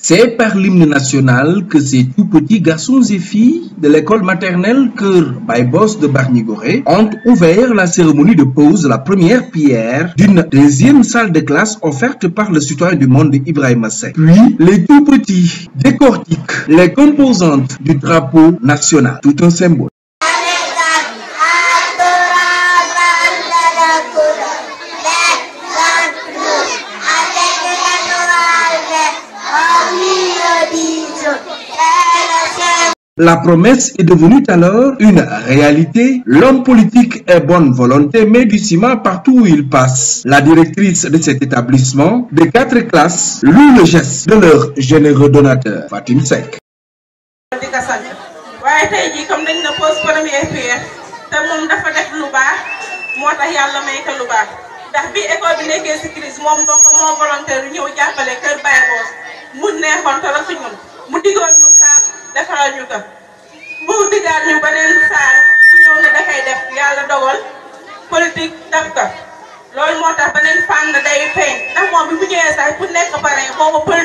C'est par l'hymne national que ces tout petits garçons et filles de l'école maternelle Cœur boss de Barnigoré ont ouvert la cérémonie de pose la première pierre d'une deuxième salle de classe offerte par le citoyen du monde Ibrahim Assek. Puis, les tout petits décortiquent les composantes du drapeau national, tout un symbole. La promesse est devenue alors une réalité. L'homme politique est bonne volonté, mais du ciment partout où il passe. La directrice de cet établissement, des quatre classes, loue le geste de leur généreux donateur, Fatim Sek. buur digaat ñu beneen saal bu ñëw ne dafay def yàlla dogal politique daf ko loolu moo tax beneen fànn day feeñ ndax moom bi mu ñëwee sax ku nekk pare boobu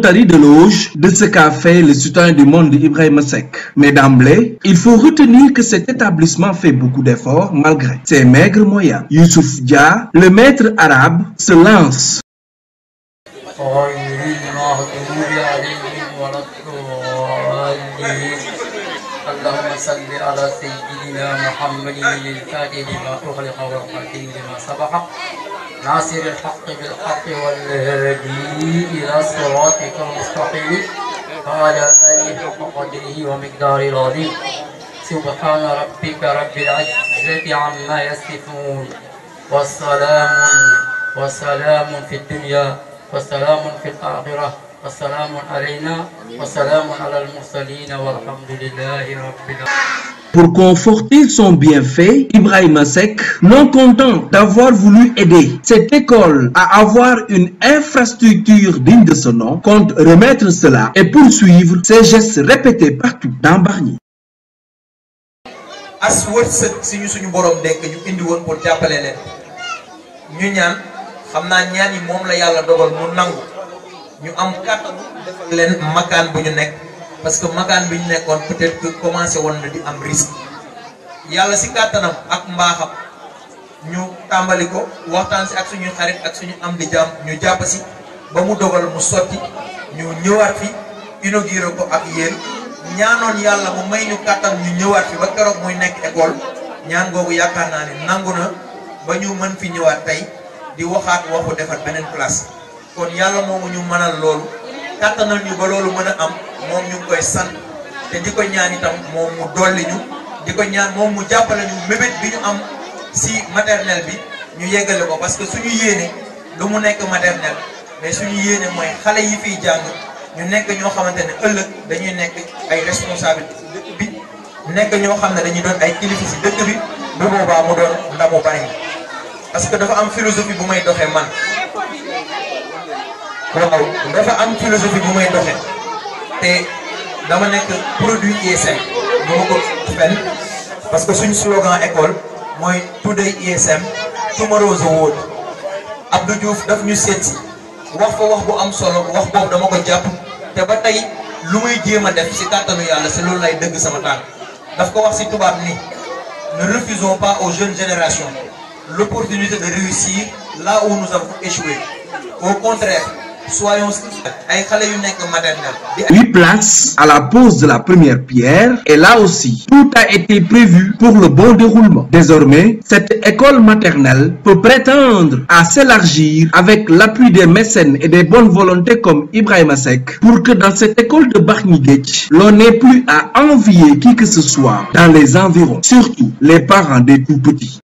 Tari de loge de ce qu'a fait le soutien du monde Ibrahim Sek. Mais d'emblée, il faut retenir que cet établissement fait beaucoup d'efforts malgré ses maigres moyens. Youssouf Dia, le maître arabe, se lance. ناصر الحق بالحق والهدي إلى صراطك المستقيم قال آله حق قدره ومقدار العظيم سبحان ربك رب العزة عما يصفون والسلام وسلام في الدنيا وسلام في الآخرة وسلام علينا وسلام على المرسلين والحمد لله رب العالمين Pour conforter son bienfait, Ibrahim Asek, non content d'avoir voulu aider cette école à avoir une infrastructure digne de ce nom, compte remettre cela et poursuivre ses gestes répétés partout dans Barnier. parce que makaan bi nekkone peut-être que commencé won na di am risque yalla si katanam ak mbaxam ñu tambaliko, waxtan ci si ak suñu xarit ak suñu am di jam ñu jàpp si ba mu dogal mu soti ñu ñëwaat fi inaugurer ko ak yeen ñaanon yalla mu may ñu katam ñu ñëwaat fi ba keroog muy nekk école ñaan gogu yakarna ni nanguna ba ñu mën fi ñëwaat tay di waxaat waxu defat benen place kon yalla momu ñu manal loolu kàttanal ñu ba loolu mën a am moom ñu ngi koy sant te di ñaan itam moom mu dolli ñu di ñaan moom mu jàppale ñu mébét bi ñu am si maternelle bi ñu yeggale ko parce que suñu yéene lu mu nekk maternelle mais suñu yéene mooy xale yi fiy jàng ñu nekk ñoo xamante ne ëllëg dañuy nekk ay responsable bi nekk ñoo xam ne dañuy doon ay kilifa si dëkk bi bu boobaa mu doon ndamu bari parce que dafa am philosophie bu may doxee man waaw dafa am philosophie bu may doxe te dama nekk produit ISM bu ma ko parce que suñ slogan école mooy today ISM tomorrow the world Abdou Diouf daf ñu seet si wax fa wax bu am solo wax boobu dama ko jàpp te ba tey lu muy jéem a def si kàttanu yàlla si loolu lay dëgg sama tànk daf ko wax si tubaab ni ne refusons pas aux jeunes générations l'opportunité de réussir là où nous avons échoué au contraire soyons huit places à la pose de la première pierre et là aussi tout a été prévu pour le bon déroulement. Désormais, cette école maternelle peut prétendre à s'élargir avec l'appui des mécènes et des bonnes volontés comme Ibrahim Sec pour que dans cette école de Barnigetch, l'on n'ait plus à envier qui que ce soit dans les environs, surtout les parents des tout-petits.